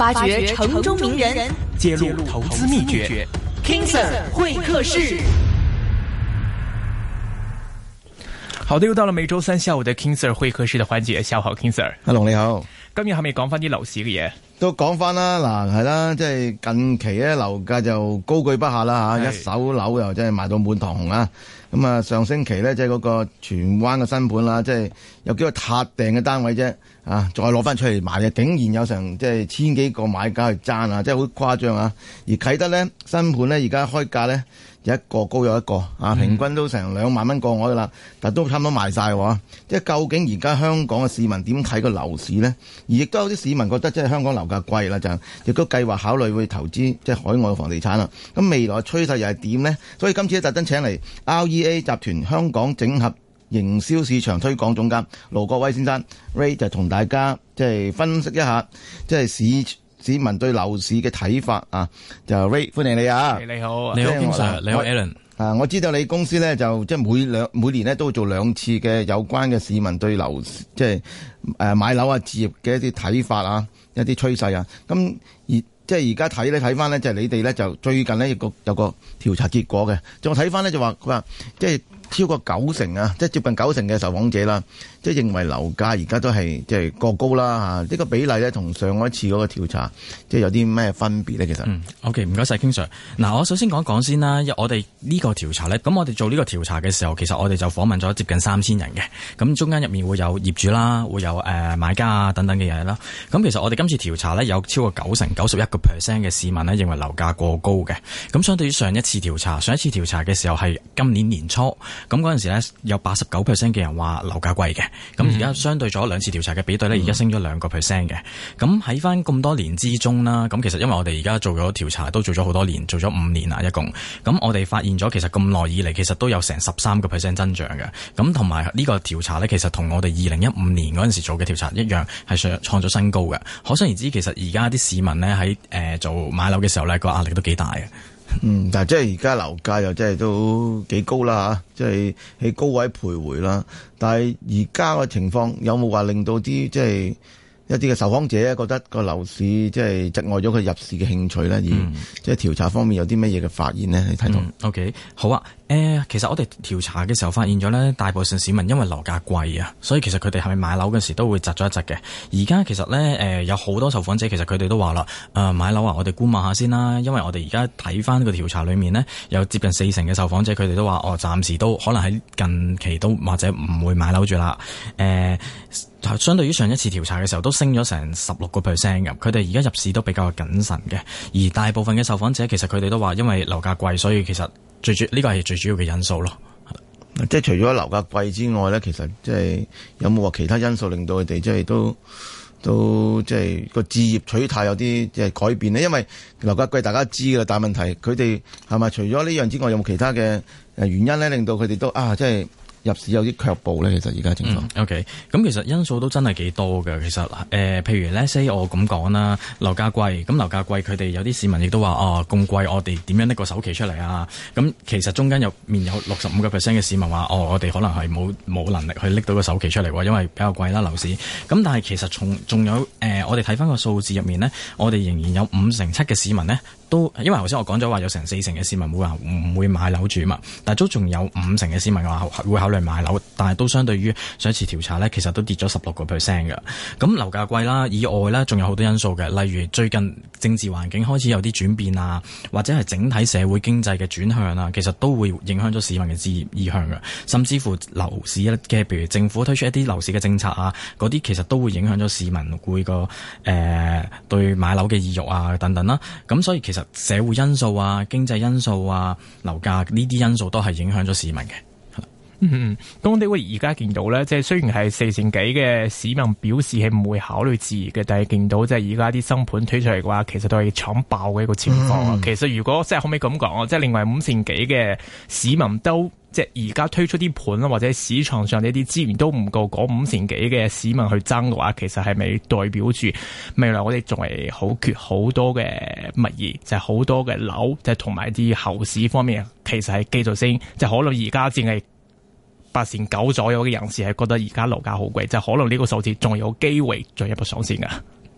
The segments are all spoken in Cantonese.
發掘城中名人，揭露投資秘訣。King Sir 會客室，好的，又到了每周三下午的 King Sir，會客室的環節，下午好，King Sir，阿龍你好，今日係咪講翻啲樓市嘅嘢？都講翻啦，嗱係啦，即係近期咧樓價就高居不下啦吓，是一手樓又真係賣到滿堂紅啊，咁啊上星期咧即係嗰個荃灣嘅新盤啦，即係有幾個撻訂嘅單位啫。啊！再攞翻出嚟賣嘅，竟然有成即係千幾個買家去爭啊！即係好誇張啊！而啟德呢，新盤呢，而家開價呢，有一個高有一個啊，平均都成兩萬蚊個位啦，但都差唔多賣晒喎，啊。即係究竟而家香港嘅市民點睇個樓市呢？而亦都有啲市民覺得即係香港樓價貴啦，就亦都計劃考慮會投資即係海外嘅房地產啦。咁未來趨勢又係點呢？所以今次特登請嚟 REA 集團香港整合。營銷市場推廣總監盧國威先生，Ray 就同大家即係分析一下，即係市市民對樓市嘅睇法啊。就 Ray，歡迎你啊！你好，你好 a 我你好，Alan。啊，我知道你公司咧就即係每兩每年咧都會做兩次嘅有關嘅市民對樓，即係誒買樓啊、置業嘅一啲睇法啊，一啲趨勢啊。咁而即係而家睇咧，睇翻咧就你哋咧就最近呢，有個有個調查結果嘅。仲我睇翻咧就話佢話即係，就是超過九成啊，即係接近九成嘅受訪者啦。即係認為樓價而家都係即係過高啦嚇，呢、啊呢個比例咧同上一次嗰個調查即係有啲咩分別咧？其實，OK，唔該晒，King Sir。嗱、嗯，我首先講一講先啦。我哋呢個調查咧，咁我哋做呢個調查嘅時候，其實我哋就訪問咗接近三千人嘅。咁中間入面會有業主啦，會有誒、呃、買家等等嘅嘢啦。咁其實我哋今次調查咧，有超過九成九十一個 percent 嘅市民咧認為樓價過高嘅。咁相對於上一次調查，上一次調查嘅時候係今年年初，咁嗰陣時咧有八十九 percent 嘅人話樓價貴嘅。咁而家相對咗兩次調查嘅比對咧，而家升咗兩個 percent 嘅。咁喺翻咁多年之中啦，咁其實因為我哋而家做咗調查，都做咗好多年，做咗五年啦，一共。咁我哋發現咗，其實咁耐以嚟，其實都有成十三個 percent 增長嘅。咁同埋呢個調查咧，其實同我哋二零一五年嗰陣時做嘅調查一樣，係上創咗新高嘅。可想而知，其實而家啲市民咧喺誒做買樓嘅時候咧，個壓力都幾大嘅。嗯，但係即係而家樓價又真係都幾高啦吓，即係喺高位徘徊啦。但係而家嘅情況有冇話令到啲即係一啲嘅受訪者覺得個樓市即係窒礙咗佢入市嘅興趣咧？而即係調查方面有啲乜嘢嘅發現咧？嗯、你睇到？OK，好啊。誒，其實我哋調查嘅時候發現咗呢，大部分市民因為樓價貴啊，所以其實佢哋係咪買樓嘅時都會窒咗一窒嘅。而家其實呢，誒、呃、有好多受訪者其實佢哋都話啦，誒、呃、買樓啊，我哋觀望下先啦。因為我哋而家睇翻，呢個調查裏面呢，有接近四成嘅受訪者佢哋都話，哦，暫時都可能喺近期都或者唔會買樓住啦。誒、呃，相對於上一次調查嘅時候都升咗成十六個 percent 咁，佢哋而家入市都比較謹慎嘅。而大部分嘅受訪者其實佢哋都話，因為樓價貴，所以其實。最主呢個係最主要嘅因素咯，即係除咗樓價貴之外咧，其實即係有冇話其他因素令到佢哋即係都、嗯、都即係個置業取態有啲即係改變咧？因為樓價貴大家知噶啦，但係問題佢哋係咪除咗呢樣之外，有冇其他嘅原因咧，令到佢哋都啊即係？就是入市有啲卻步咧，其實而家情況。OK，咁其實因素都真係幾多㗎。其實誒、呃，譬如 let's say 我咁講啦，樓價貴，咁樓價貴，佢哋有啲市民亦都話哦，咁貴，我哋點樣搦個首期出嚟啊？咁其實中間入面有六十五個 percent 嘅市民話，哦，我哋可能係冇冇能力去搦到個首期出嚟喎，因為比較貴啦樓市。咁但係其實仲仲有誒、呃，我哋睇翻個數字入面呢，我哋仍然有五成七嘅市民呢。都因為頭先我講咗話有成四成嘅市民會話唔會買樓住啊嘛，但係都仲有五成嘅市民話會考慮買樓，但係都相對於上一次調查咧，其實都跌咗十六個 percent 嘅。咁、嗯、樓價貴啦，以外咧仲有好多因素嘅，例如最近政治環境開始有啲轉變啊，或者係整體社會經濟嘅轉向啊，其實都會影響咗市民嘅置業意向嘅，甚至乎樓市嘅，譬如政府推出一啲樓市嘅政策啊，嗰啲其實都會影響咗市民會個誒、呃、對買樓嘅意欲啊等等啦、啊。咁、嗯、所以其實。社會因素啊，經濟因素啊，樓價呢啲因素都係影響咗市民嘅。嗯，咁你會而家見到咧，即係雖然係四成幾嘅市民表示係唔會考慮置業嘅，但係見到即係而家啲新盤推出嚟嘅話，其實都係搶爆嘅一個情況。嗯，其實如果即係可唔可以咁講啊，即係另外五成幾嘅市民都。即係而家推出啲盤啦，或者市場上一啲資源都唔夠嗰五成幾嘅市民去爭嘅話，其實係咪代表住未來我哋仲係好缺好多嘅物業，就係、係、好多嘅樓，就係同埋啲後市方面，其實係繼續升，就係、可能而家淨係八成九左右嘅人士係覺得而家樓價好貴，就係、可能呢個數字仲有機會進一步上升㗎。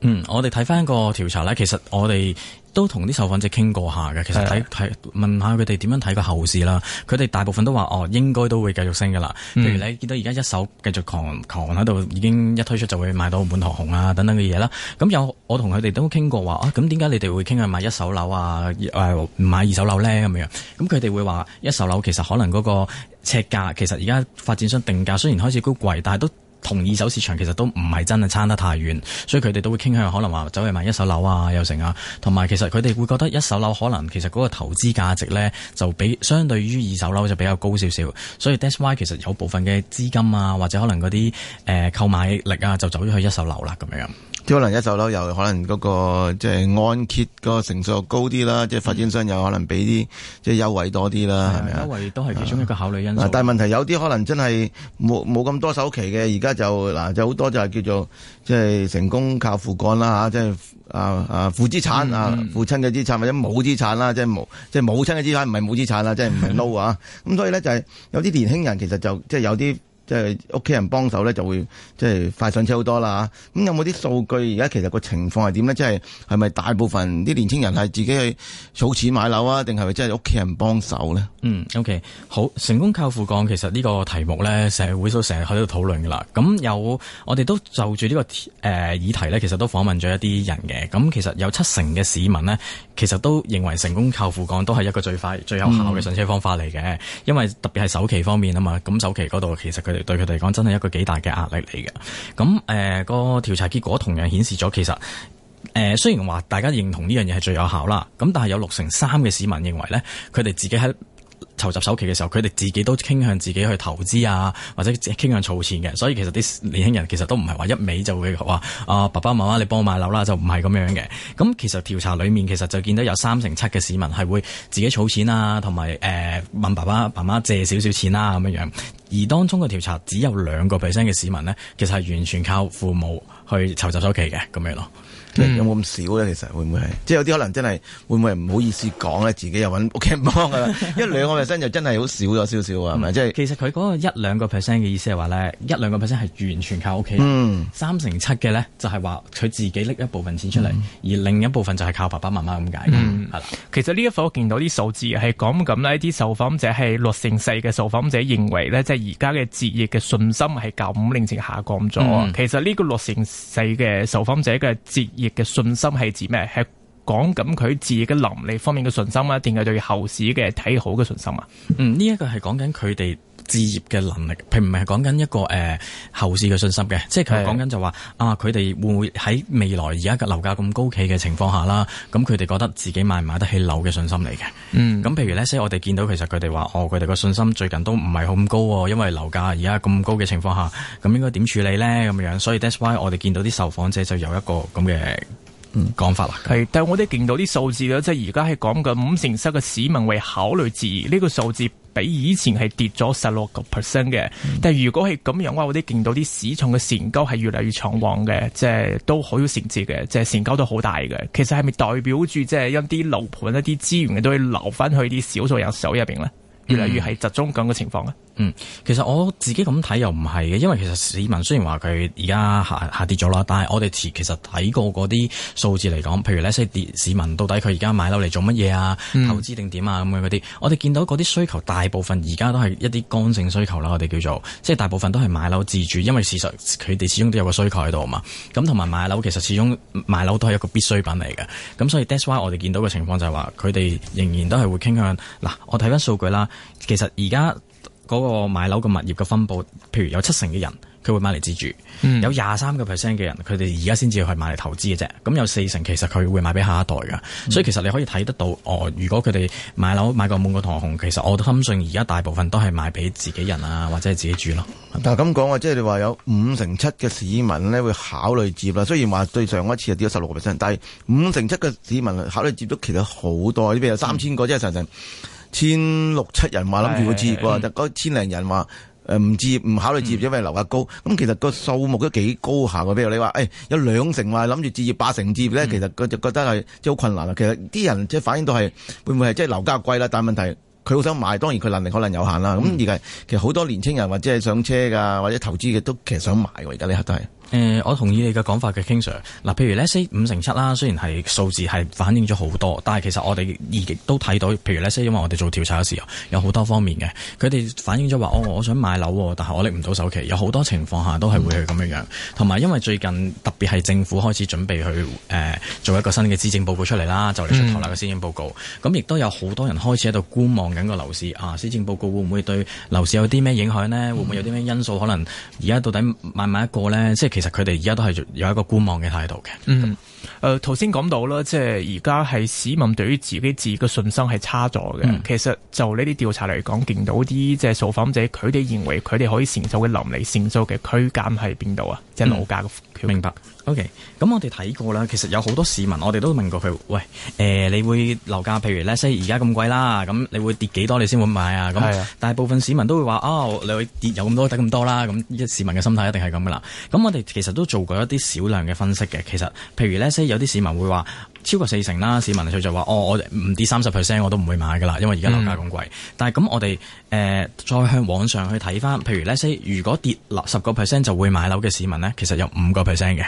嗯，我哋睇翻個調查咧，其實我哋都同啲受訪者傾過下嘅，其實睇睇的問下佢哋點樣睇個後市啦。佢哋大部分都話哦，應該都會繼續升嘅啦。譬如你見到而家一手繼續狂狂喺度，已經一推出就會賣到滿堂紅啊等等嘅嘢啦。咁有我同佢哋都傾過話啊，咁點解你哋會傾去買一手樓啊誒唔、呃、買二手樓咧咁樣？咁佢哋會話一手樓其實可能嗰個尺價，其實而家發展商定價雖然開始高貴，但係都。同二手市場其實都唔係真係差得太遠，所以佢哋都會傾向可能話走去買一手樓啊，又成啊。同埋其實佢哋會覺得一手樓可能其實嗰個投資價值咧就比相對於二手樓就比較高少少，所以 that's why 其實有部分嘅資金啊或者可能嗰啲誒購買力啊就走咗去一手樓啦咁樣。即可能一手樓又可能嗰、嗰個即係、就是、按揭個成數又高啲啦，嗯、即係發展商又可能俾啲即係優惠多啲啦，係咪啊？是是優惠都係其中一個考慮因素。啊、但係問題有啲可能真係冇冇咁多首期嘅而家。就嗱，就好多就係叫做即係、就是、成功靠父幹啦吓，即係啊啊父資產啊，父親嘅資產、嗯嗯、產或者母資產啦，即係冇即係母親嘅資產唔係母資產啦，即係唔係撈啊，咁所以咧就係、是、有啲年輕人其實就即係、就是、有啲。即係屋企人幫手咧，就會即係快上車好多啦。咁、嗯、有冇啲數據？而家其實個情況係點咧？即係係咪大部分啲年青人係自己去儲錢買樓啊？定係咪真係屋企人幫手咧？嗯，OK，好，成功靠父幹，其實呢個題目咧，社會都成日喺度討論噶啦。咁有我哋都就住呢個誒議題咧，其實都訪問咗一啲人嘅。咁其實有七成嘅市民呢，其實都認為成功靠父幹都係一個最快、最有效嘅上車方法嚟嘅。嗯、因為特別係首期方面啊嘛，咁首期嗰度其實佢哋。對佢哋嚟講，真係一個幾大嘅壓力嚟嘅。咁誒，呃那個調查結果同樣顯示咗，其實誒、呃，雖然話大家認同呢樣嘢係最有效啦，咁但係有六成三嘅市民認為咧，佢哋自己喺。籌集首期嘅時候，佢哋自己都傾向自己去投資啊，或者傾向儲錢嘅，所以其實啲年輕人其實都唔係話一味就會話啊，爸爸媽媽你幫我買樓啦，就唔係咁樣嘅。咁、嗯、其實調查裏面其實就見到有三成七嘅市民係會自己儲錢啊，同埋誒問爸爸媽媽借少少錢啦、啊、咁樣樣。而當中嘅調查只有兩個 percent 嘅市民呢，其實係完全靠父母。去籌集首期嘅咁樣咯，有冇咁少咧？其實有有會唔會係即係有啲可能真係會唔會唔好意思講咧？自己又揾屋企幫噶啦， 一兩個 percent 就真係好少咗少少啊？係咪、嗯、即係？其實佢嗰個一兩個 percent 嘅意思係話咧，一兩個 percent 係完全靠屋企，三成七嘅咧就係話佢自己搦一部分錢出嚟，嗯、而另一部分就係靠爸爸媽媽咁解。嗯，係啦的。其實呢一份我見到啲數字係講咁呢啲受訪者係六成四嘅受訪者認為咧，即係而家嘅置業嘅信心係咁明顯下降咗。嗯、其實呢個六成。細嘅受訪者嘅置業嘅信心係指咩？係講緊佢置業嘅能力方面嘅信心啊，定係對後市嘅睇好嘅信心啊？嗯，呢一個係講緊佢哋。置業嘅能力，並唔係講緊一個誒、呃、後市嘅信心嘅，即係佢講緊就話、是、是的 啊，佢哋會唔會喺未來而家嘅樓價咁高企嘅情況下啦，咁佢哋覺得自己買唔買得起樓嘅信心嚟嘅。嗯，咁譬如咧，所以我哋見到其實佢哋話，哦，佢哋個信心最近都唔係咁高喎，哦，因為樓價而家咁高嘅情況下，咁應該點處理咧咁樣？所以 that's why 我哋見到啲受訪者就有一個咁嘅。講、嗯、法啦，係，但係我哋見到啲數字咧，即係而家係講緊五成七嘅市民為考慮置業。呢、這個數字，比以前係跌咗十六個 percent 嘅。但係如果係咁樣嘅話，我哋見到啲市場嘅成交係越嚟越搶旺嘅，即係都好有承接嘅，即係成交都好大嘅。其實係咪代表住即係一啲樓盤一啲資源嘅都係留翻去啲少數人手入邊咧，越嚟越係集中咁嘅情況咧？嗯嗯，其實我自己咁睇又唔係嘅，因為其實市民雖然話佢而家下下跌咗啦，但係我哋其實睇過嗰啲數字嚟講，譬如呢，即係市民到底佢而家買樓嚟做乜嘢啊？投資定點啊？咁樣嗰啲，我哋見到嗰啲需求大部分而家都係一啲剛性需求啦，我哋叫做，即係大部分都係買樓自住，因為事實佢哋始終都有個需求喺度啊嘛。咁同埋買樓其實始終買樓都係一個必需品嚟嘅，咁所以 that's why 我哋見到嘅情況就係話，佢哋仍然都係會傾向嗱，我睇翻數據啦，其實而家。嗰個買樓嘅物業嘅分佈，譬如有七成嘅人佢會買嚟自住，嗯、有廿三個 percent 嘅人佢哋而家先至去買嚟投資嘅啫。咁有四成其實佢會買俾下一代噶，嗯、所以其實你可以睇得到，哦，如果佢哋買樓買個滿個堂紅，其實我都深信而家大部分都係買俾自己人啊，或者係自己住咯。但係咁講啊，即係你話有五成七嘅市民呢會考慮接啦。雖然話對上一次係跌咗十六個 percent，但係五成七嘅市民考慮接都其實好多。呢邊有三千個、嗯、即係成成，千六七人話諗住會置業嘅，嗰千零人話誒唔置業唔考慮置業，因為樓價高。咁、嗯、其實個數目都幾高下嘅。譬如你話誒、哎、有兩成話諗住置業，八成置業咧，其實佢就覺得係即係好困難啦。其實啲人即係反映到係會唔會係即係樓價貴啦？但係問題佢好想買，當然佢能力可能有限啦。咁、嗯、而家其實好多年青人或者係上車噶，或者，或者投資嘅都其實想買。而家呢一刻都係。誒、嗯，我同意你嘅講法嘅，King Sir。嗱，譬如咧，C 五成七啦，雖然係數字係反映咗好多，但係其實我哋亦都睇到，譬如咧，C，因為我哋做調查嘅時候，有好多方面嘅，佢哋反映咗話，哦，我想買樓，但係我拎唔到首期，有好多情況下都係會去咁樣樣。同埋、嗯，因為最近特別係政府開始準備去誒、呃、做一個新嘅施政報告出嚟啦，就嚟出頭啦嘅施政報告，咁亦都有好多人開始喺度觀望緊個樓市啊，施政報告會唔會對樓市有啲咩影響呢？會唔會有啲咩因素可能而家到底買唔買一個呢？即係其實佢哋而家都係有一個觀望嘅態度嘅。嗯，誒、呃，頭先講到啦，即係而家係市民對於自己自嘅信心係差咗嘅。嗯、其實就呢啲調查嚟講，見到啲即係受訪者，佢哋認為佢哋可以承受嘅能力承受嘅區間喺邊度啊？嗯、即係樓價嘅，明白。O.K.，咁我哋睇過啦，其實有好多市民，我哋都問過佢，喂，誒、呃，你會樓價，譬如 let say 而家咁貴啦，咁你會跌幾多，你先會買啊？咁，是的 大部分市民都會話，哦，你會跌有咁多得咁多啦。咁，市民嘅心態一定係咁噶啦。咁我哋其實都做過一啲少量嘅分析嘅。其實，譬如 let say 有啲市民會話超過四成啦，市民佢就話，哦，我唔跌三十 percent 我都唔會買噶啦，因為而家樓價咁貴。嗯、但係咁我哋誒、呃、再向網上去睇翻，譬如 let say 如果跌樓十個 percent 就會買樓嘅市民咧，其實有五個 percent 嘅。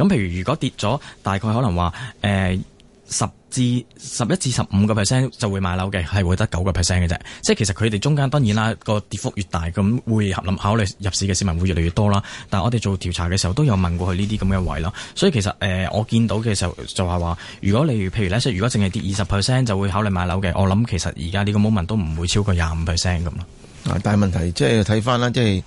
咁，譬如如果跌咗大概可能話誒、十至十一至十五個 percent 就會買樓嘅，係會得九個 percent 嘅啫。即係其實佢哋中間，當然啦個跌幅越大，咁會合考慮入市嘅市民會越嚟越多啦。但係我哋做調查嘅時候都有問過佢呢啲咁嘅位咯，所以其實誒、呃、我見到嘅時候就係話，如果你譬如咧，如果淨係跌二十 percent 就會考慮買樓嘅，我諗其實而家呢個 moment 都唔會超過廿五 percent 咁咯。啊！但係問題即係睇返啦，即係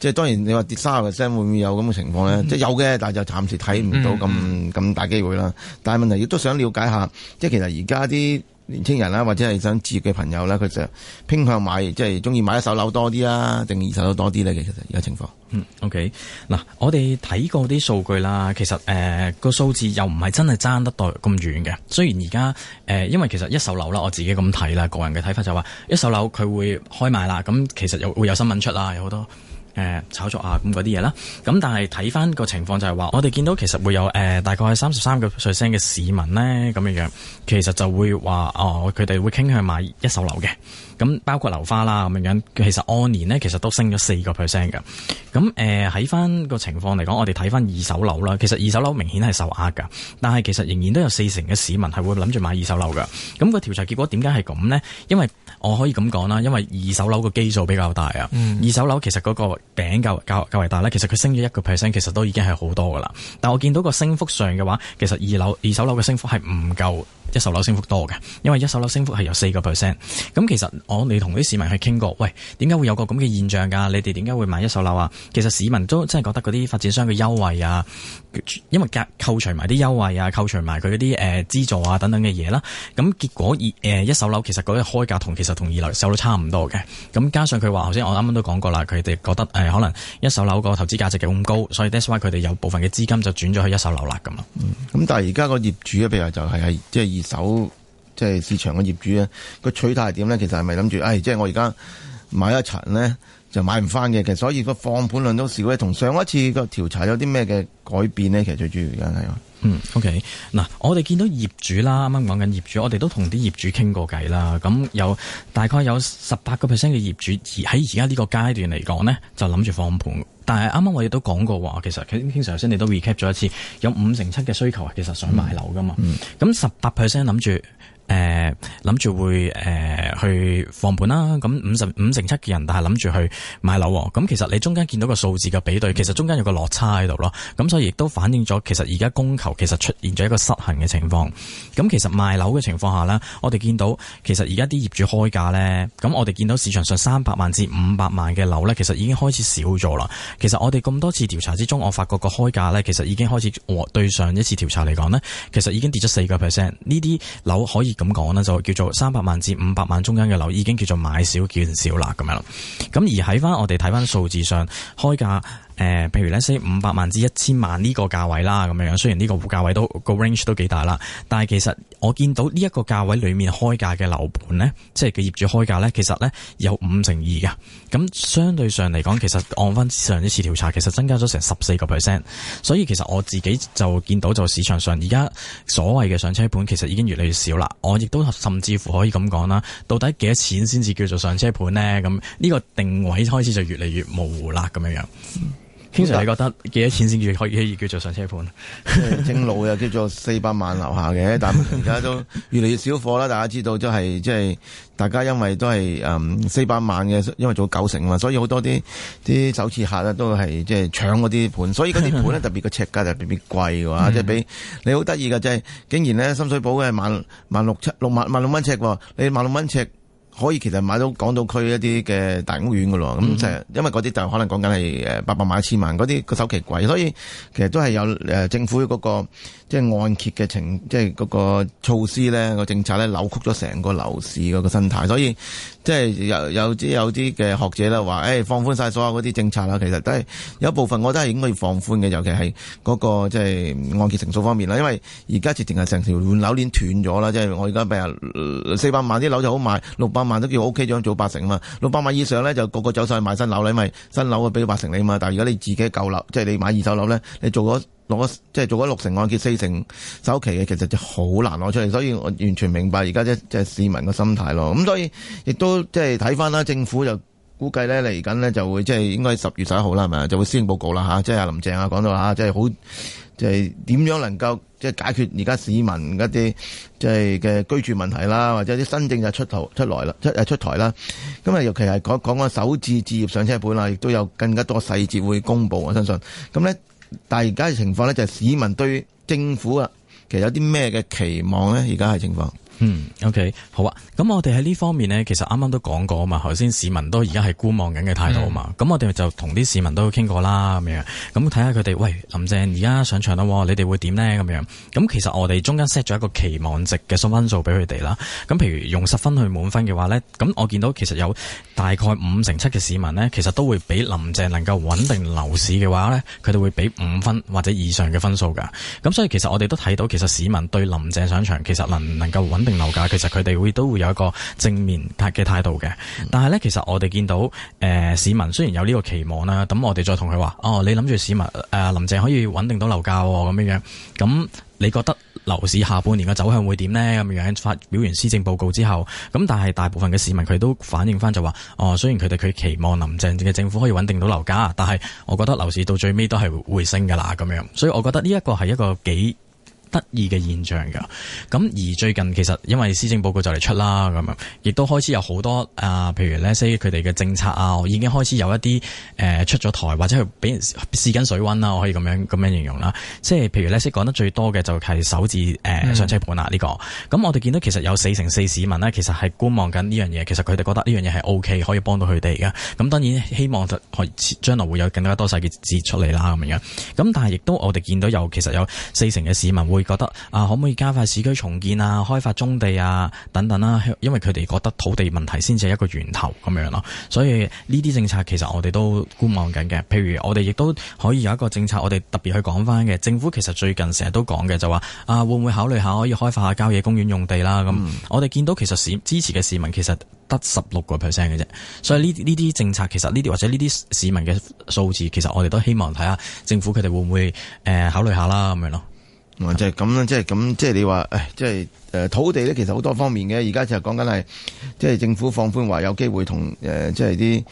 即係當然你話跌三十 percent 會唔會有咁嘅情況咧？嗯、即係有嘅，但係就暫時睇唔到咁咁、嗯、大機會啦。但係問題亦都想了解下，即係其實而家啲，年青人啦，或者係想置業嘅朋友啦，佢就偏向買，即係中意買一手樓多啲啦，定二手樓多啲咧？其實而家情況。嗯，OK，嗱，我哋睇過啲數據啦，其實誒個數字又唔係真係爭得代咁遠嘅。雖然而家誒，因為其實一手樓啦，我自己咁睇啦，個人嘅睇法就話、是、一手樓佢會開賣啦，咁其實又會有新聞出啦，有好多。誒、嗯、炒作啊，咁嗰啲嘢啦，咁但係睇翻個情況就係話，我哋見到其實會有誒、呃、大概係三十三個歲聲嘅市民咧，咁樣樣其實就會話，哦，佢哋會傾向買一手樓嘅。咁包括樓花啦咁樣樣，其實按年呢，其實都升咗四個 percent 嘅。咁誒喺翻個情況嚟講，我哋睇翻二手樓啦。其實二手樓明顯係受壓㗎，但係其實仍然都有四成嘅市民係會諗住買二手樓㗎。咁個調查結果點解係咁呢？因為我可以咁講啦，因為二手樓個基數比較大啊。嗯、二手樓其實嗰個餅較較較為大咧，其實佢升咗一個 percent，其實都已經係好多㗎啦。但我見到個升幅上嘅話，其實二樓二手樓嘅升幅係唔夠一手樓升幅多嘅，因為一手樓升幅係有四個 percent。咁其實。我未同啲市民去傾過，喂，點解會有個咁嘅現象㗎？你哋點解會買一手樓啊？其實市民都真係覺得嗰啲發展商嘅優惠啊，因為夾扣除埋啲優惠啊，扣除埋佢嗰啲誒資助啊等等嘅嘢啦，咁結果二、呃、一手樓其實嗰啲開價同其實同二手樓差唔多嘅，咁加上佢話頭先我啱啱都講過啦，佢哋覺得誒、呃、可能一手樓個投資價值咁高，所以 that's why 佢哋有部分嘅資金就轉咗去一手樓啦，咁咁但係而家個業主譬如就係係即係二手。即係市場嘅業主咧，個取態係點咧？其實係咪諗住？誒、哎，即係我而家買一層咧，就買唔翻，嘅其實所以個放盤量都少咧。同上一次個調查有啲咩嘅改變咧？其實最主要而家係。嗯，OK，嗱，我哋見到業主啦，啱啱講緊業主，我哋都同啲業主傾過偈啦。咁有大概有十八個 percent 嘅業主，而喺而家呢個階段嚟講咧，就諗住放盤。但係啱啱我亦都講過話，其實 King Sir 你都 recap 咗一次，有五成七嘅需求係其實想買樓噶嘛。咁十八 percent 諗住。嗯誒，諗住、呃、會誒、呃、去放盤啦，咁、嗯、五十五成七嘅人，但係諗住去買樓，咁、嗯、其實你中間見到個數字嘅比對，其實中間有個落差喺度咯，咁、嗯、所以亦都反映咗，其實而家供求其實出現咗一個失衡嘅情況。咁、嗯、其實賣樓嘅情況下呢，我哋見到其實而家啲業主開價呢。咁、嗯、我哋見到市場上三百萬至五百萬嘅樓呢，其實已經開始少咗啦。其實我哋咁多次調查之中，我發覺個開價呢，其實已經開始和對上一次調查嚟講呢，其實已經跌咗四個 percent。呢啲樓可以。咁講呢，就叫做三百萬至五百萬中間嘅樓已經叫做買少見少啦，咁樣啦。咁而喺翻我哋睇翻數字上，開價。誒、呃，譬如咧，所以五百萬至一千萬呢個價位啦，咁樣樣。雖然呢個價位都，個 range 都幾大啦，但係其實我見到呢一個價位裏面開價嘅樓盤呢，即係嘅業主開價呢，其實呢有五成二嘅。咁相對上嚟講，其實按翻上一次調查，其實增加咗成十四個 percent。所以其實我自己就見到，就市場上而家所謂嘅上車盤，其實已經越嚟越少啦。我亦都甚至乎可以咁講啦，到底幾多錢先至叫做上車盤呢？咁呢個定位開始就越嚟越模糊啦，咁樣樣。嗯經常你覺得幾多錢先至可以，可以叫做上車盤。 正路又叫做四百萬樓下嘅，但係而家都越嚟越少貨啦。大家知道都係即係大家因為都係誒四百萬嘅，因為做九成啊嘛，所以好多啲啲首次客咧都係即係搶嗰啲盤，所以嗰啲盤咧特別個尺價 就特別貴喎，即係畀你好得意嘅，即係竟然咧深水埗嘅萬萬六七六萬萬六蚊尺喎，你萬六蚊尺。可以其實買到港島區一啲嘅大屋苑噶咯，咁就、mm hmm. 因為啲就可能講緊係誒八百萬一千萬啲個首期貴，所以其實都係有誒政府、那個即係、就是、按揭嘅情，即、就、係、是、個措施咧、那個政策咧扭曲咗成個樓市個個生態，所以即係、就是、有有啲有啲嘅學者咧話誒放寬晒所有啲政策啦，其實都係有部分我都係應該要放寬嘅，尤其係、那個即係、就是、按揭成數方面啦，因為而家直情係成條換樓鏈斷咗啦，即、就、係、是、我而家譬如四百萬啲樓就好賣，六百。萬都叫 O K 咁樣做八成啊嘛，六百萬以上咧就個個走曬買新樓啦，咪新樓啊俾八成你啊嘛，但係而家你自己舊樓，即係你買二手樓咧，你做咗攞即係做咗六成按揭四成首期嘅，其實就好難攞出嚟，所以我完全明白而家即係即係市民嘅心態咯。咁所以亦都即係睇翻啦，政府就。估計咧嚟緊呢就會即係應該十月十一號啦，係咪啊？就會施政報告啦吓，即係阿林鄭啊講到啊，即係好、啊、即係點、就是、樣能夠即係解決而家市民一啲即係嘅居住問題啦、啊，或者啲新政就出頭出來啦，出誒出台啦。咁啊，尤其係講講個首次置業上車盤啊，亦都有更加多細節會公布。我相信咁呢、啊，但係而家嘅情況呢，就係市民對政府啊，其實有啲咩嘅期望呢？而家係情況。嗯，OK，好啊。咁我哋喺呢方面呢，其實啱啱都講過啊嘛。頭先市民都而家係觀望緊嘅態度啊嘛。咁、嗯、我哋就同啲市民都傾過啦，咁樣。咁睇下佢哋，喂，林鄭而家上場啦，你哋會點呢？咁樣。咁其實我哋中間 set 咗一個期望值嘅數分數俾佢哋啦。咁譬如用十分去滿分嘅話呢，咁我見到其實有大概五成七嘅市民呢，其實都會俾林鄭能夠穩定樓市嘅話呢，佢哋會俾五分或者以上嘅分數噶。咁所以其實我哋都睇到，其實市民對林鄭上場其實能能夠穩。定樓價，其實佢哋會都會有一個正面嘅態度嘅。但係呢，其實我哋見到誒、呃、市民雖然有呢個期望啦，咁我哋再同佢話：哦，你諗住市民誒、呃、林鄭可以穩定到樓價咁樣樣。咁你覺得樓市下半年嘅走向會點呢？咁樣樣發表完施政報告之後，咁但係大部分嘅市民佢都反映翻就話：哦，雖然佢哋佢期望林鄭嘅政府可以穩定到樓價，但係我覺得樓市到最尾都係回升噶啦咁樣。所以我覺得呢一個係一個幾。得意嘅現象㗎，咁而最近其實因為施政報告就嚟出啦，咁啊，亦都開始有好多啊，譬如咧，佢哋嘅政策啊，已經開始有一啲誒、呃、出咗台，或者係俾試緊水溫啦，我可以咁樣咁樣形容啦。即、就、係、是、譬如咧，講得最多嘅就係首置誒、呃、上車盤啦、這、呢個。咁、嗯、我哋見到其實有四成四市民呢，其實係觀望緊呢樣嘢，其實佢哋覺得呢樣嘢係 O K 可以幫到佢哋嘅。咁當然希望就將來會有更加多細節出嚟啦咁樣。咁但係亦都我哋見到有其實有四成嘅市民會覺得啊，可唔可以加快市區重建啊、開發棕地啊等等啦、啊？因為佢哋覺得土地問題先至係一個源頭咁樣咯，所以呢啲政策其實我哋都觀望緊嘅。譬如我哋亦都可以有一個政策，我哋特別去講翻嘅。政府其實最近成日都講嘅，就話啊，會唔會考慮下可以開發下郊野公園用地啦？咁、嗯、我哋見到其實市支持嘅市民其實得十六個 percent 嘅啫，所以呢呢啲政策其實呢啲或者呢啲市民嘅數字，其實我哋都希望睇下政府佢哋會唔會誒、呃、考慮下啦咁樣咯。我即係咁啦，即係咁，即係你話，唉，即係。誒土地咧，其實好多方面嘅，而家就係講緊係，即係政府放寬話有機會同誒，即係啲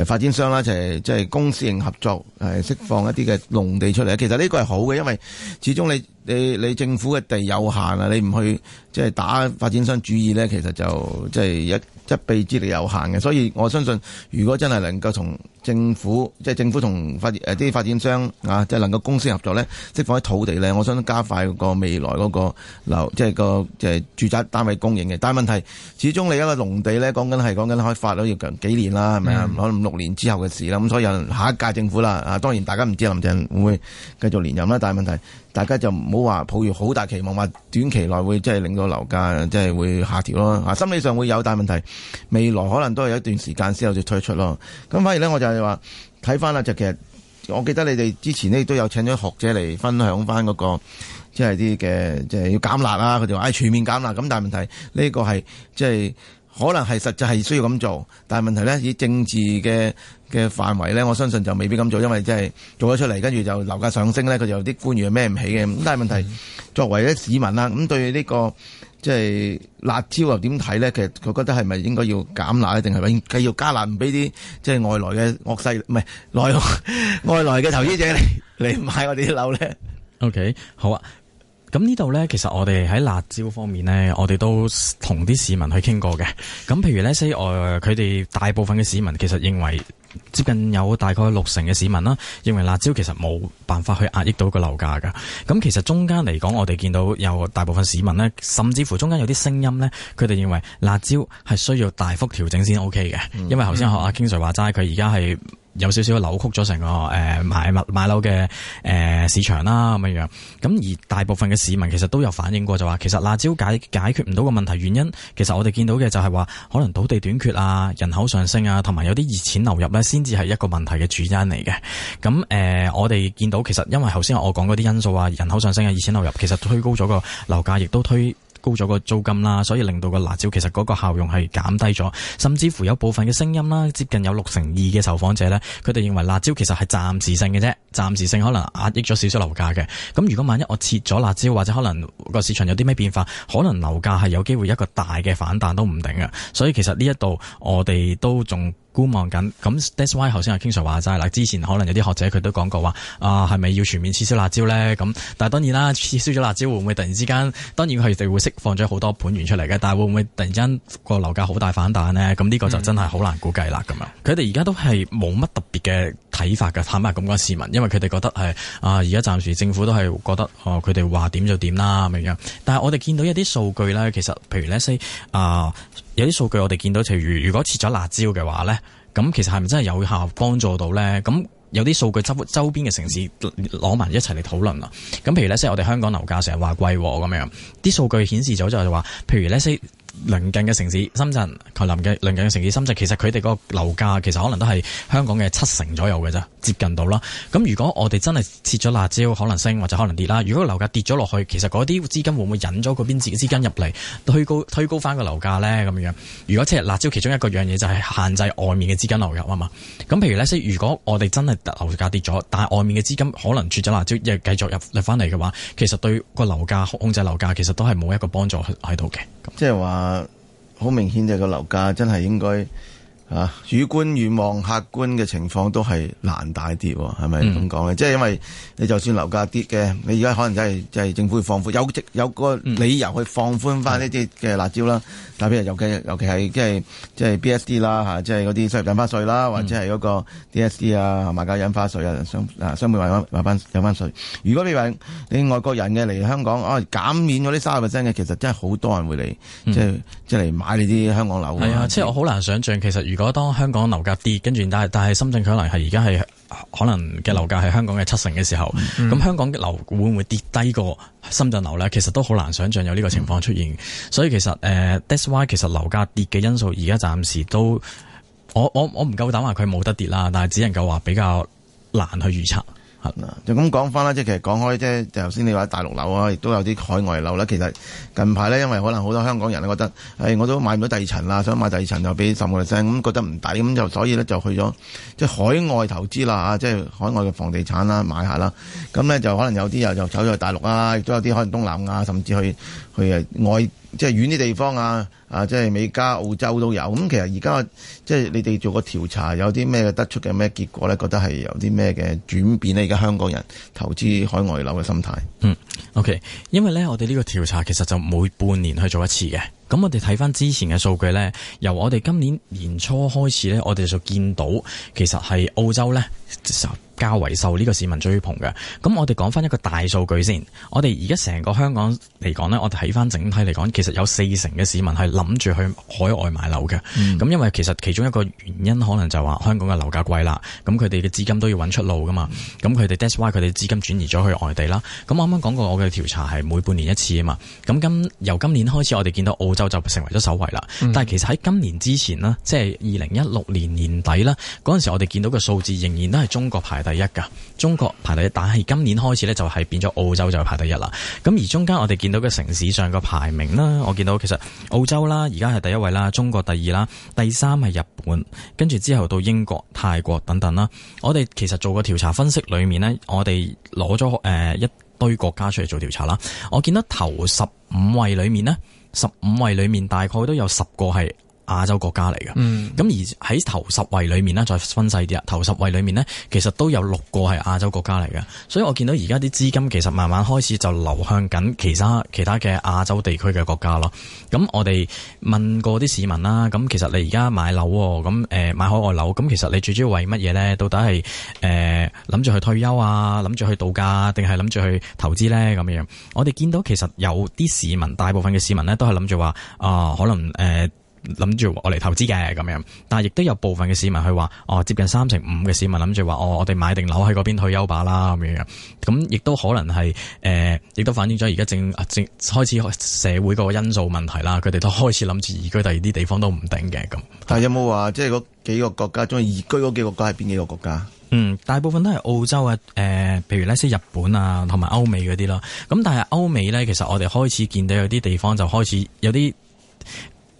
誒發展商啦，就係即係公私營合作，誒釋放一啲嘅農地出嚟。其實呢個係好嘅，因為始終你你你政府嘅地有限啊，你唔去即係打發展商主意咧，其實就即係一一臂之力有限嘅。所以我相信，如果真係能夠同政府，即係政府同發誒啲發展商啊，即係能夠公私合作咧，釋放喺土地咧，我想加快個未來嗰個樓，即係個。誒住宅單位供應嘅，但係問題，始終你一個農地咧，講緊係講緊開發咗要幾年啦，係咪啊？可能五六年之後嘅事啦，咁所以可能下一屆政府啦，啊當然大家唔知林鄭會唔會繼續連任啦，但係問題，大家就唔好話抱住好大期望，話短期內會即係令到樓價即係會下調咯。啊，心理上會有，但係問題未來可能都係有一段時間先有就推出咯。咁反而呢，我就係話睇翻啦，就其實我記得你哋之前呢，都有請咗學者嚟分享翻、那、嗰個。即係啲嘅，即係要減辣啦。佢就話，唉、哎，全面減辣。咁但係問題，呢個係即係可能係實際係需要咁做。但係問題咧，以政治嘅嘅範圍咧，我相信就未必咁做，因為即係做咗出嚟，跟住就樓價上升咧，佢就有啲官員係孭唔起嘅。咁但係問題，作為一市民啦，咁對呢、呢個即係、即係、辣椒又點睇咧？其實佢覺得係咪應該要減辣咧，定係繼續加辣，唔俾啲即係外來嘅惡勢，唔係內外來嘅投資者嚟嚟買我哋啲樓咧？OK，好啊。咁呢度呢，其實我哋喺辣椒方面呢，我哋都同啲市民去傾過嘅。咁譬如呢，西外佢哋大部分嘅市民其實認為接近有大概六成嘅市民啦，認為辣椒其實冇辦法去壓抑到個樓價噶。咁其實中間嚟講，我哋見到有大部分市民呢，甚至乎中間有啲聲音呢，佢哋認為辣椒係需要大幅調整先 OK 嘅。嗯、因為頭先阿 King sir 話齋，佢而家係。有少少扭曲咗成個誒、呃、買物買樓嘅誒市場啦咁樣樣，咁而大部分嘅市民其實都有反映過就話，其實辣椒解解決唔到個問題原因，其實我哋見到嘅就係話可能土地短缺啊、人口上升啊，同埋有啲熱錢流入咧，先至係一個問題嘅主因嚟嘅。咁誒、呃，我哋見到其實因為頭先我講嗰啲因素啊，人口上升啊、熱錢流入，其實推高咗個樓價，亦都推。高咗個租金啦，所以令到個辣椒其實嗰個效用係減低咗，甚至乎有部分嘅聲音啦，接近有六成二嘅受訪者呢，佢哋認為辣椒其實係暫時性嘅啫，暫時性可能壓抑咗少少樓價嘅。咁如果萬一我切咗辣椒，或者可能個市場有啲咩變化，可能樓價係有機會一個大嘅反彈都唔定啊。所以其實呢一度我哋都仲。觀望緊，咁 that's why 頭先阿 King Sir 話齋嗱。之前可能有啲學者佢都講過話，啊係咪要全面撤銷辣椒咧？咁但係當然啦，撤銷咗辣椒會唔會突然之間，當然佢哋會釋放咗好多盤源出嚟嘅。但係會唔會突然間個樓價好大反彈咧？咁呢個就真係好難估計啦。咁樣佢哋而家都係冇乜特別嘅。睇法嘅，坦白咁講，市民因為佢哋覺得係，啊、呃，而家暫時政府都係覺得，哦、呃，佢哋話點就點啦咁樣。但係我哋見到一啲數據咧，其實譬如咧，即、呃、啊，有啲數據我哋見到，是是到譬，譬如如果撤咗辣招嘅話咧，咁其實係咪真係有效幫助到咧？咁有啲數據周周邊嘅城市攞埋一齊嚟討論啊。咁譬如咧，即係我哋香港樓價成日話貴喎，咁樣啲數據顯示咗就係話，譬如咧，即鄰近嘅城市深圳同鄰近鄰近嘅城市深圳，其實佢哋嗰個樓價其實可能都係香港嘅七成左右嘅啫，接近到啦。咁如果我哋真係切咗辣椒，可能升或者可能跌啦。如果個樓價跌咗落去，其實嗰啲資金會唔會引咗嗰邊自己資金入嚟推高推高翻個樓價咧？咁樣，如果即係切辣椒，其中一個樣嘢就係限制外面嘅資金流入啊嘛。咁譬如咧，如果我哋真係樓價跌咗，但係外面嘅資金可能切咗辣椒亦繼續入嚟翻嚟嘅話，其實對個樓價控制樓價其實都係冇一個幫助喺度嘅。即係話，好明顯，就、那、係個樓價真係應該。啊，主觀願望、客觀嘅情況都係難大跌，係咪咁講咧？即係因為你就算樓價跌嘅，你而家可能真係真係政府會放寬，有有個理由去放寬翻呢啲嘅辣招啦。但譬如尤其尤其係即係即係 B S D 啦嚇，即係嗰啲商業印花稅啦，或者係嗰個 D S D 啊、買家印花稅啊相啊相對話翻話翻減翻稅。如果你話你外國人嘅嚟香港，哦減免咗啲三十 percent 嘅，其實真係好多人會嚟，即係即係嚟買呢啲香港樓。係啊，即係我好難想象，其實如果。如果當香港樓價跌，跟住但係但係深圳佢可能係而家係可能嘅樓價係香港嘅七成嘅時候，咁、mm hmm. 香港嘅樓會唔會跌低過深圳樓呢？其實都好難想象有呢個情況出現，mm hmm. 所以其實誒、uh，that's why 其實樓價跌嘅因素而家暫時都，我我我唔夠膽話佢冇得跌啦，但係只能夠話比較難去預測。嗯、就咁講翻啦，即係其實講開，即係頭先你話大陸樓啊，亦都有啲海外樓啦。其實近排咧，因為可能好多香港人咧覺得，誒、哎、我都買唔到第二層啦，想買第二層就俾十個 percent，咁覺得唔抵，咁就所以咧就去咗即係海外投資啦，啊，即係海外嘅房地產啦，買下啦。咁咧就可能有啲人就走咗去大陸啊，亦都有啲可能東南亞，甚至去。去啊外即係遠啲地方啊，啊即係美加澳洲都有。咁其實而家即係你哋做個調查有啲咩得出嘅咩結果咧？覺得係有啲咩嘅轉變咧、啊？而家香港人投資海外樓嘅心態。嗯，OK，因為咧我哋呢個調查其實就每半年去做一次嘅，咁我哋睇翻之前嘅數據咧，由我哋今年年初開始咧，我哋就見到其實係澳洲咧。較為受呢個市民追捧嘅，咁我哋講翻一個大數據先。我哋而家成個香港嚟講呢，我哋睇翻整體嚟講，其實有四成嘅市民係諗住去海外買樓嘅。咁、嗯、因為其實其中一個原因可能就話香港嘅樓價貴啦，咁佢哋嘅資金都要揾出路噶嘛。咁佢哋 That's why 佢哋資金轉移咗去外地啦。咁我啱啱講過，我嘅調查係每半年一次啊嘛。咁今由今年開始，我哋見到澳洲就成為咗首位啦。嗯、但係其實喺今年之前啦，即係二零一六年年底啦，嗰陣時我哋見到嘅數字仍然都係中國排第一㗎，中國排第一，但係今年開始咧就係變咗澳洲就排第一啦。咁而中間我哋見到嘅城市上嘅排名啦，我見到其實澳洲啦，而家係第一位啦，中國第二啦，第三係日本，跟住之後到英國、泰國等等啦。我哋其實做個調查分析，裡面呢，我哋攞咗誒一堆國家出嚟做調查啦。我見到頭十五位裡面呢，十五位裡面大概都有十個係亞洲國家嚟嘅，咁、嗯、而喺頭十位裡面呢，再分細啲啊。頭十位裡面呢，其實都有六個係亞洲國家嚟嘅，所以我見到而家啲資金其實慢慢開始就流向緊其他其他嘅亞洲地區嘅國家咯。咁我哋問過啲市民啦，咁其實你而家買樓，咁誒買海外樓，咁其實你最主要為乜嘢呢？到底係誒諗住去退休啊，諗住去度假，定係諗住去投資呢？咁樣，我哋見到其實有啲市民，大部分嘅市民呢，都係諗住話啊，可能誒。呃諗住我嚟投資嘅咁樣，但係亦都有部分嘅市民去話，哦，接近三成五嘅市民諗住話，哦，我哋買定樓喺嗰邊退休罷啦咁樣，咁亦都可能係誒，亦、呃、都反映咗而家正正，正開始社會嗰個因素問題啦，佢哋都開始諗住移居第二啲地方都唔定嘅咁。但係有冇話即係嗰幾個國家中移居嗰幾個國家係邊幾個國家？國家國家，嗯，大部分都係澳洲啊，誒、呃，譬如呢些日本啊，同埋歐美嗰啲啦。咁但係歐美咧，其實我哋開始見到有啲地方就開始有啲。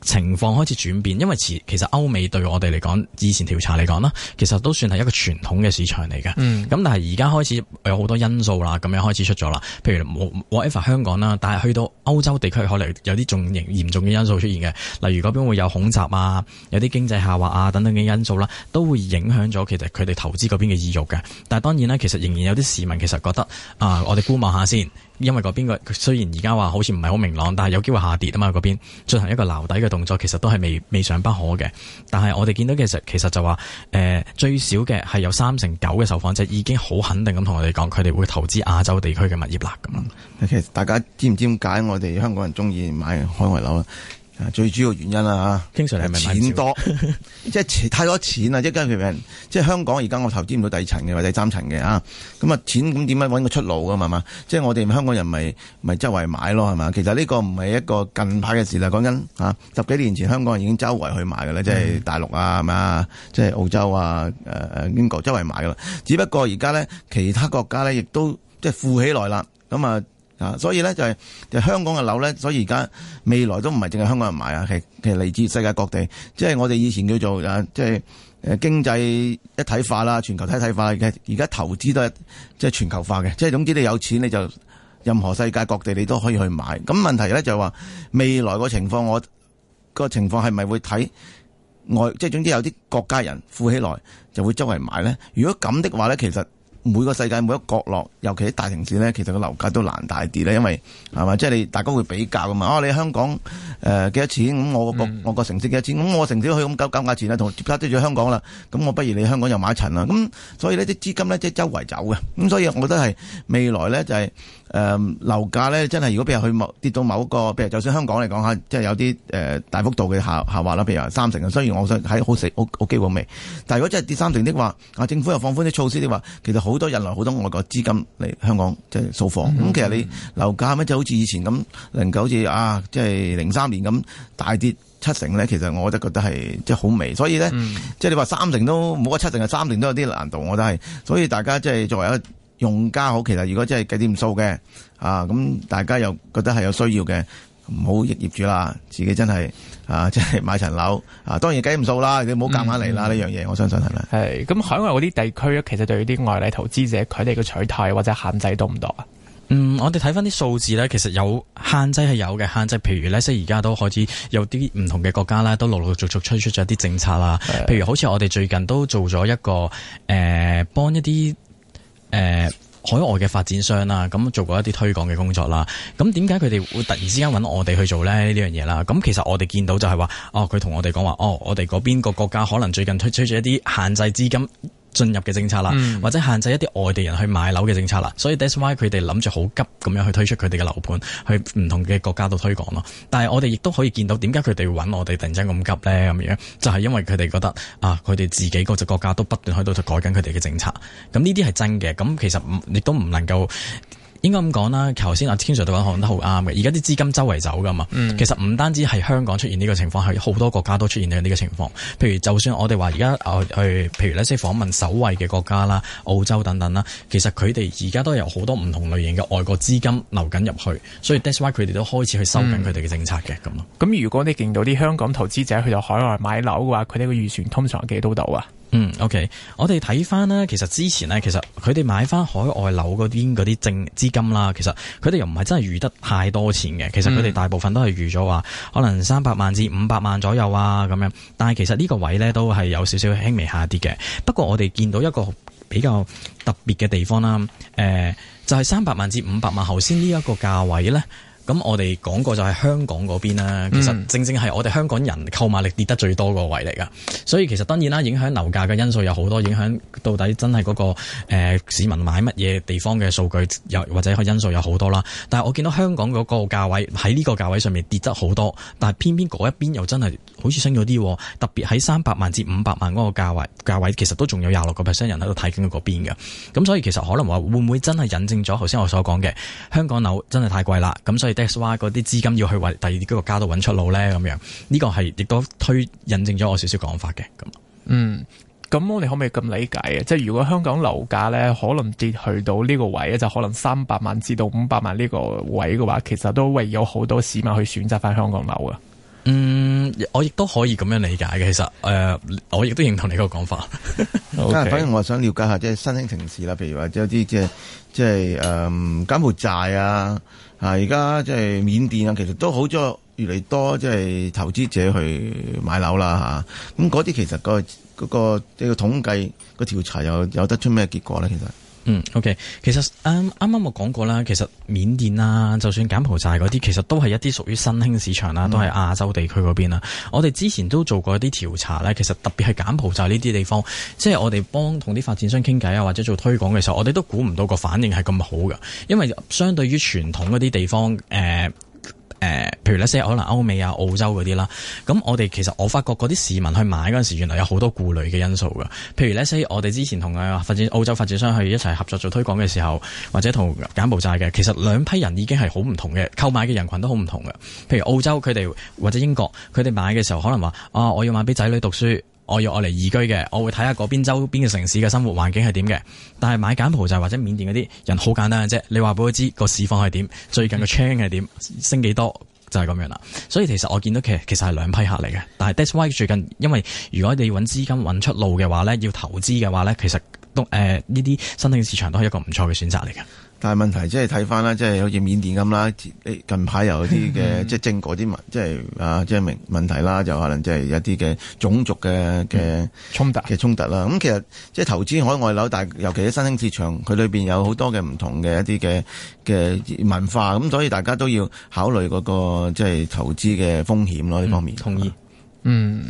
情況開始轉變，因為其其實歐美對我哋嚟講，以前調查嚟講啦，其實都算係一個傳統嘅市場嚟嘅。咁、嗯、但係而家開始有好多因素啦，咁樣開始出咗啦。譬如我我以翻香港啦，但係去到歐洲地區，可能有啲仲嚴嚴重嘅因素出現嘅，例如嗰邊會有恐襲啊，有啲經濟下滑啊等等嘅因素啦，都會影響咗其實佢哋投資嗰邊嘅意欲嘅。但係當然啦，其實仍然有啲市民其實覺得啊、呃，我哋觀望下先。因為嗰邊個，雖然而家話好似唔係好明朗，但係有機會下跌啊嘛。嗰邊進行一個撈底嘅動作，其實都係未未嘗不可嘅。但係我哋見到嘅實其實就話，誒、呃、最少嘅係有三成九嘅受訪者已經好肯定咁同我哋講，佢哋會投資亞洲地區嘅物業啦。咁啊、嗯，其實大家知唔知點解我哋香港人中意買海外樓啊？最主要原因啦嚇，經常係咪買錢多， 即係太多錢啊！一間譬如即係香港，而家我投資唔到第二層嘅或者三層嘅啊！咁啊錢咁點樣搵個出路㗎嘛嘛？即係我哋香港人咪咪周圍買咯係嘛？其實呢個唔係一個近排嘅事啦，講緊嚇十幾年前香港人已經周圍去買嘅啦，嗯、即係大陸啊係嘛，即係澳洲啊誒誒英國周圍買嘅啦。只不過而家咧其他國家咧亦都即係富起來啦，咁啊～所以咧就係香港嘅樓咧，所以而家未來都唔係淨係香港人買啊，其其實嚟自世界各地。即係我哋以前叫做誒，即係誒經濟一體化啦，全球一體化嘅。而家投資都係即係全球化嘅。即係總之你有錢你就任何世界各地你都可以去買。咁問題咧就係話未來個情況，我個情況係咪會睇外？即係總之有啲國家人富起來就會周圍買咧。如果咁的話咧，其實。每個世界每一個角落，尤其喺大城市咧，其實個樓價都難大跌咧，因為係嘛，即係、就是、你大家會比較噶嘛。啊，你香港誒幾、呃、多錢？咁我個我個城市幾多錢？咁我城市都去咁搞搞價錢啦，同接得住香港啦。咁我不如你香港又買一層啦。咁所以呢啲、就是、資金咧即係周圍走嘅。咁所以我覺得係未來咧就係、是。誒樓、嗯、價咧，真係如果譬如去跌到某一個，譬如就算香港嚟講吓，即係有啲誒大幅度嘅下下滑啦。譬如話三成啊，雖然我想喺好食屋屋機會味，但係如果真係跌三成的話，啊政府又放寬啲措施的話，其實好多引來好多外國資金嚟香港即係掃貨。咁、就是嗯、其實你樓價咧就好似以前咁，能夠好似啊即係零三年咁大跌七成呢，其實我都覺得係即係好微。所以呢，即係、嗯、你話三成都冇，七成啊三成都有啲難度，我覺得係。所以大家即係作為一用家好，其實如果真係計啲唔數嘅，啊咁大家又覺得係有需要嘅，唔好業主啦，自己真係啊，真係買層樓啊，當然計唔數啦，你唔好夾硬嚟，啦呢樣嘢，我相信係咪？係咁海外嗰啲地區咧，其實對於啲外嚟投資者，佢哋嘅取態或者限制都多唔多啊？嗯，我哋睇翻啲數字咧，其實有限制係有嘅限制，譬如咧，即係而家都開始有啲唔同嘅國家啦，都陸陸續續推出咗一啲政策啦。的譬如好似我哋最近都做咗一個誒，幫、呃、一啲。誒、呃，海外嘅發展商啦，咁做過一啲推廣嘅工作啦，咁點解佢哋會突然之間揾我哋去做咧呢樣嘢啦？咁其實我哋見到就係話，哦，佢同我哋講話，哦，我哋嗰邊個國家可能最近推出咗一啲限制資金。進入嘅政策啦，嗯、或者限制一啲外地人去買樓嘅政策啦，所以 that's why 佢哋諗住好急咁樣去推出佢哋嘅樓盤去唔同嘅國家度推廣咯。但係我哋亦都可以見到點解佢哋會搵我哋突然間咁急呢？咁樣，就係、是、因為佢哋覺得啊，佢哋自己嗰隻國家都不斷喺度改緊佢哋嘅政策。咁呢啲係真嘅，咁其實亦都唔能夠。應該咁講啦，頭先阿 King Sir 對講講得好啱嘅。而家啲資金周圍走噶嘛，嗯、其實唔單止係香港出現呢個情況，係好多國家都出現呢個情況。譬如就算我哋話而家去，譬如呢即係訪問首位嘅國家啦、澳洲等等啦，其實佢哋而家都有好多唔同類型嘅外國資金流緊入去，所以 that's why 佢哋都開始去收緊佢哋嘅政策嘅咁。咁如果你見到啲香港投資者去到海外買樓嘅話，佢哋嘅預算通常幾多度啊？嗯，OK，我哋睇翻呢。其實之前呢，其實佢哋買翻海外樓嗰邊啲正資金啦，其實佢哋又唔係真係預得太多錢嘅，嗯、其實佢哋大部分都係預咗話可能三百萬至五百萬左右啊，咁樣，但係其實呢個位呢，都係有少少輕微下跌嘅，不過我哋見到一個比較特別嘅地方啦，誒、呃，就係三百萬至五百萬頭先呢一個價位呢。咁我哋講過就係香港嗰邊啦，嗯、其實正正係我哋香港人購買力跌得最多個位嚟㗎，所以其實當然啦，影響樓價嘅因素有好多，影響到底真係嗰、嗰個、呃、市民買乜嘢地方嘅數據，又或者因素有好多啦。但係我見到香港嗰個價位喺呢個價位上面跌得好多，但係偏偏嗰一邊又真係好似升咗啲，特別喺三百萬至五百萬嗰個價位，價位其實都仲有廿六個 percent 人喺度睇緊嗰邊嘅，咁所以其實可能話會唔會真係引證咗頭先我所講嘅香港樓真係太貴啦，咁所以。d e s i 嗰啲資金要去第二啲國家度揾出路咧，咁樣呢個係亦都推引證咗我少少講法嘅。咁嗯，咁我哋可唔可以咁理解啊？即係如果香港樓價咧可能跌去到呢個位咧，就可能三百萬至到五百萬呢個位嘅話，其實都會有好多市民去選擇翻香港樓啊。嗯，我亦都可以咁樣理解嘅，其實，誒、呃，我亦都認同你個講法。咁 Okay. 啊，反正我想了解下，即係新興城市啦，譬如話有啲即係即係誒柬埔寨啊，啊，而家即係緬甸啊，其實都好咗，越嚟多即係投資者去買樓啦吓。咁嗰啲其實、嗰個嗰、嗰個呢、嗰個嗰個統計個調查有有得出咩結果咧？其實？嗯，OK，其實啱啱我講過啦，其實緬甸啦、啊，就算柬埔寨嗰啲，其實都係一啲屬於新興市場啦，都係亞洲地區嗰邊啊。嗯、我哋之前都做過一啲調查咧，其實特別係柬埔寨呢啲地方，即係我哋幫同啲發展商傾偈啊，或者做推廣嘅時候，我哋都估唔到個反應係咁好噶，因為相對於傳統嗰啲地方，誒、呃。誒，譬如咧，say 可能歐美啊、澳洲嗰啲啦，咁我哋其實我發覺嗰啲市民去買嗰陣時，原來有好多顧慮嘅因素噶。譬如咧，say 我哋之前同嘅發展澳洲發展商去一齊合作做推廣嘅時候，或者同柬埔寨嘅，其實兩批人已經係好唔同嘅，購買嘅人群都好唔同噶。譬如澳洲佢哋或者英國佢哋買嘅時候，可能話啊、哦，我要買俾仔女讀書。我要我嚟移居嘅，我會睇下嗰邊周邊嘅城市嘅生活環境係點嘅。但係買柬埔寨或者緬甸嗰啲人好簡單嘅啫，你話俾佢知個市況係點，最近個 change 係點，升幾多就係咁樣啦。所以其實我見到其實其實係兩批客嚟嘅。但係 That's why 最近，因為如果你要揾資金揾出路嘅話咧，要投資嘅話咧，其實都誒呢啲新興市場都係一個唔錯嘅選擇嚟嘅。但係問題即係睇翻啦，即係好似緬甸咁啦，近排又有啲嘅 即係政啲文，即係啊，即係明問題啦，就可能即係有啲嘅種族嘅嘅、嗯、衝突嘅衝突啦。咁其實即係投資海外樓，但尤其喺新興市場，佢裏邊有好多嘅唔同嘅一啲嘅嘅文化，咁、嗯、所以大家都要考慮嗰、嗰個即係投資嘅風險咯，呢方面、嗯。同意，啊、嗯。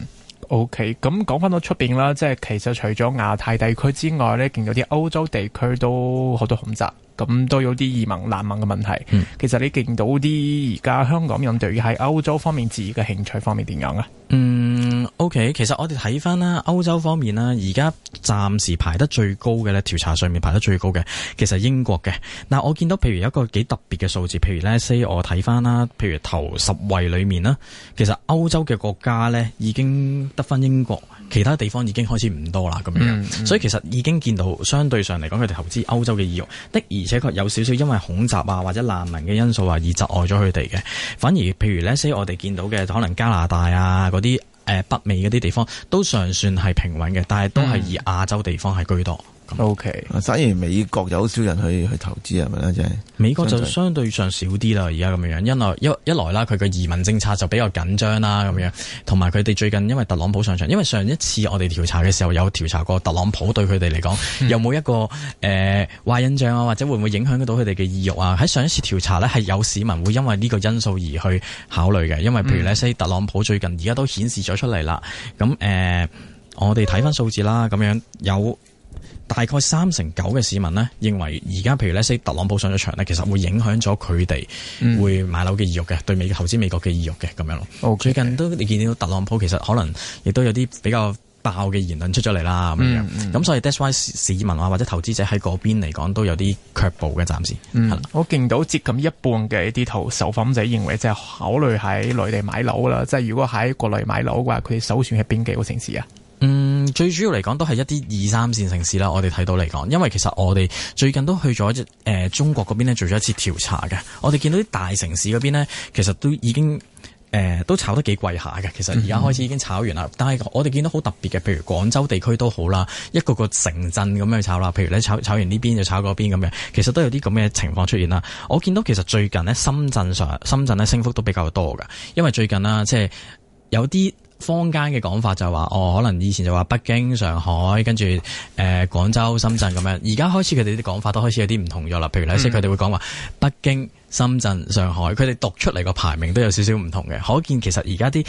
O K，咁講翻到出邊啦，即係其實除咗亞太地區之外咧，見到啲歐洲地區都好多恐襲，咁都有啲移民難民嘅問題。嗯、其實你見到啲而家香港人對於喺歐洲方面置業嘅興趣方面點樣咧？嗯，OK，其實我哋睇翻啦，歐洲方面啦，而家暫時排得最高嘅咧，調查上面排得最高嘅，其實係英國嘅。嗱，我見到譬如一個幾特別嘅數字，譬如呢 say 我睇翻啦，譬如頭十位裏面啦，其實歐洲嘅國家呢已經得翻英國，其他地方已經開始唔多啦咁樣，mm hmm. 所以其實已經見到相對上嚟講，佢哋投資歐洲嘅意欲的，而且確有少少因為恐襲啊或者難民嘅因素啊而窒礙咗佢哋嘅。反而譬如呢 say 我哋見到嘅可能加拿大啊。嗰啲誒北美嗰啲地方都尚算係平穩嘅，但係都係以亞洲地方係居多。O K，反而美國有少人去去投資係，咪咧，即係美國就相對上少啲啦。而家咁樣，因為一來、一來啦，佢嘅移民政策就比較緊張啦，咁樣同埋佢哋最近因為特朗普上場，因為上一次我哋調查嘅時候有調查過特朗普對佢哋嚟講有冇一個誒、呃、壞印象啊，或者會唔會影響到佢哋嘅意欲啊？喺上一次調查呢，係有市民會因為呢個因素而去考慮嘅，因為譬如呢，所以特朗普最近而家都顯示咗出嚟啦。咁誒、呃，我哋睇翻數字啦，咁樣有。大概三成九嘅市民呢，認為而家譬如咧，如特朗普上咗場呢，其實會影響咗佢哋會買樓嘅意欲嘅，嗯、對美投資美國嘅意欲嘅咁樣咯。Okay. 最近都你見到特朗普其實可能亦都有啲比較爆嘅言論出咗嚟啦，咁、嗯嗯、樣。咁所以 that’s why 市民啊或者投資者喺嗰邊嚟講都有啲卻步嘅，暫時。嗯、的我見到接近一半嘅一啲套受訪者認為，即係考慮喺內地買樓啦，即、就、係、是、如果喺國內買樓嘅話，佢哋首選喺邊幾個城市啊？最主要嚟講都係一啲二三線城市啦，我哋睇到嚟講，因為其實我哋最近都去咗誒、呃、中國嗰邊做咗一次調查嘅，我哋見到啲大城市嗰邊呢，其實都已經誒、呃、都炒得幾貴下嘅，其實而家開始已經炒完啦。但係我哋見到好特別嘅，譬如廣州地區都好啦，一個個城鎮咁樣炒啦，譬如你炒炒完呢邊就炒嗰邊咁樣，其實都有啲咁嘅情況出現啦。我見到其實最近呢，深圳上深圳呢，升幅都比較多㗎，因為最近啦即係有啲。坊間嘅講法就話，哦，可能以前就話北京、上海，跟住誒廣州、深圳咁樣，而家開始佢哋啲講法都開始有啲唔同咗啦。譬如咧，即係佢哋會講話北京、深圳、上海，佢哋讀出嚟個排名都有少少唔同嘅，可見其實而家啲。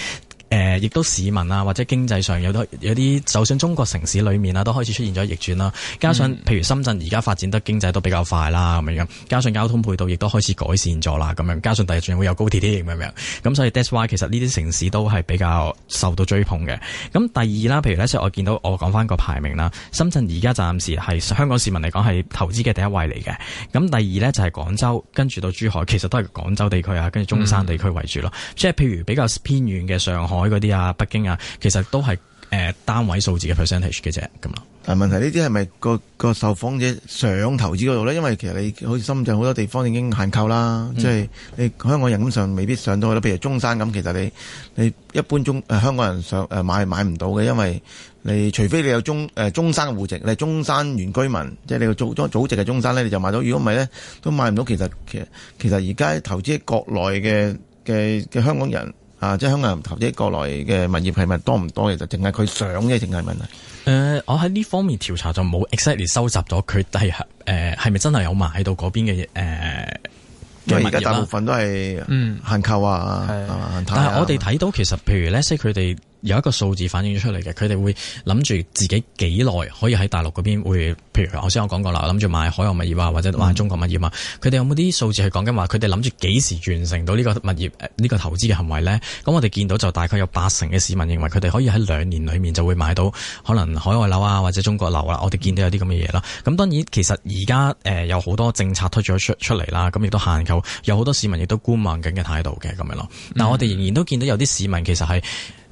誒，亦都市民啊，或者經濟上有得有啲，就算中國城市裏面啊，都開始出現咗逆轉啦、啊。加上、嗯、譬如深圳而家發展得經濟都比較快啦、啊，咁樣樣加上交通配套亦都開始改善咗啦，咁樣加上第日仲會有高鐵啲、啊，咁樣樣，咁所以 that's why 其實呢啲城市都係比較受到追捧嘅。咁第二啦，譬如咧，即係我見到我講翻個排名啦，深圳而家暫時係香港市民嚟講係投資嘅第一位嚟嘅。咁第二咧就係、是、廣州，跟住到珠海，其實都係廣州地區啊，跟住中山地區為主咯。嗯、即係譬如比較偏遠嘅上海。改嗰啲啊，北京啊，其實都係誒、呃、單位數字嘅 percentage 嘅啫，咁咯。但問題呢啲係咪個、嗯、個，個受訪者想投資嗰度咧？因為其實你好似深圳好多地方已經限購啦，即係、嗯、你香港人咁上未必上到去啦。譬如中山咁，其實你你一般中誒、呃、香港人上誒、呃、買買唔到嘅，因為你除非你有中誒、呃、中山嘅戶籍，你係中山原居民，即、就、係、是、你個祖祖祖籍係中山咧，你就買到。如果唔係咧，都買唔到。其實其實其實而家投資國內嘅嘅嘅香港人。啊！即係香港人投資過來嘅物業係咪多唔多？其實淨係佢想嘅淨係問題。誒、呃，我喺呢方面調查就冇 exactly 收集咗佢係誒係咪真係有埋喺到嗰邊嘅嘢，因為而家大部分都係嗯限購啊，但係我哋睇到其實譬如呢，佢哋。有一個數字反映咗出嚟嘅，佢哋會諗住自己幾耐可以喺大陸嗰邊會，譬如頭先我講過啦，諗住買海外物業啊，或者買中國物業啊。佢哋、嗯、有冇啲數字係講緊話？佢哋諗住幾時完成到呢個物業？呢、呢個投資嘅行為呢？咁我哋見到就大概有八成嘅市民認為佢哋可以喺兩年裡面就會買到可能海外樓啊，或者中國樓啦、啊。我哋見到有啲咁嘅嘢啦。咁當然其實而家誒有好多政策推出出出嚟啦，咁亦都限購有好多市民亦都觀望緊嘅態度嘅咁樣咯。但我哋仍然都見到有啲市民其實係。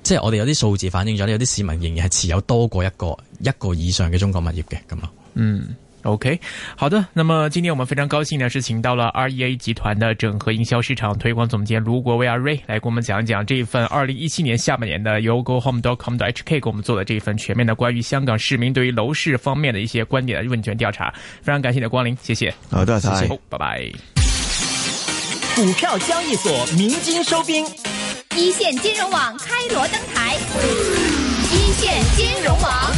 即係我哋有啲數字反映咗，有啲市民仍然係持有多過一個一個以上嘅中國物業嘅咁咯。嗯，OK，好的。那麼今天我們非常高興呢，是請到了 REA 集團的整合營銷市場推廣總監盧國威 Ray 來跟我們講一講這一份二零一七年下半年的由 Go Home dot com dot HK 給我們做的這一份全面的關於香港市民對於樓市方面的一些觀點嘅問卷調查。非常感謝你嘅光臨，謝謝。好，多謝，謝謝，拜拜。股票交易所鳴金收兵。一線金融網開鑼登台，一線金融網。